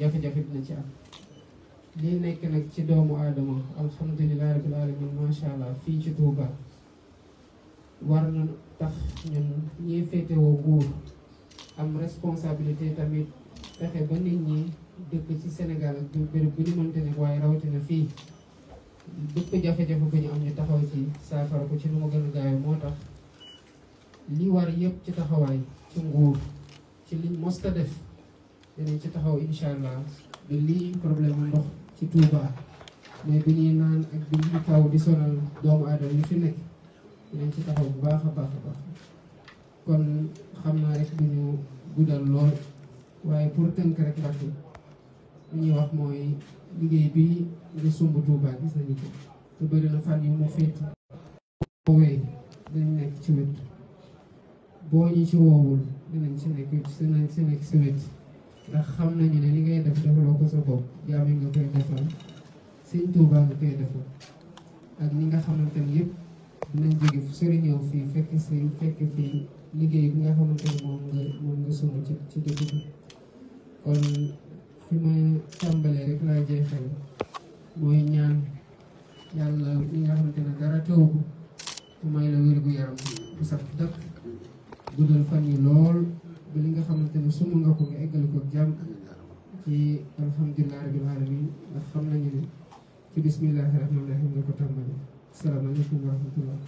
jafe-jafe dina ci am lii nekk nag ci doomu aadama alhamdulilah rabbil alamin macha allah fii ci Touba war na tax ñun ñii féetewoo nguur am responsabilité tamit fexe ba nit ñi dëkk ci Sénégal ak béréb bu ñu mënte nekk waaye rawatina fii bépp jafe-jafe bu ñu am ñu taxaw ci saafara ko ci nu mu gën a gaawee moo tax li war yépp ci taxawaay ci nguur ci liñ mosta def dinañ ci taxaw incha du lii problème mu ndox ci Touba mais bi ñuy naan ak bi ñuy taw di sonal doomu aadama yi fi nekk dinañ ci taxaw bu baax a baax a baax kon xam naa rek bu ñu guddal lool waaye pour tënk rek ndax li ñuy wax mooy bi nga sumb Touba gis nañu ko te bëri na fan yu mu féet boo wéy dañ nekk ci wet boo ñu ci woowul dinañ nekk ci nekk ndax xam nañu ne li ngay def defaloo ko sa bopp jaam nga koy defal sëñ Tuuba nga koy defal ak ñi nga xamante ni yëpp dinañ jóge fu fii fekk si fekk fii liggéey bi nga xamante ni moom nga moom ci dëkk bi kon fi ma tàmbalee rek laa jeexal mooy ñaan yàlla li nga xamante dara teew ko may la wér gu yaram bu sax dëkk guddal fan yi lool bi li nga xamante ne suma nga ko nga eggale ko jàmm ci alhamdulilah rabil alamin ndax xam nañu ne ci bismillahi rahmaani rahim nga ko tàmbali asalaamaaleykum wa rahmatullah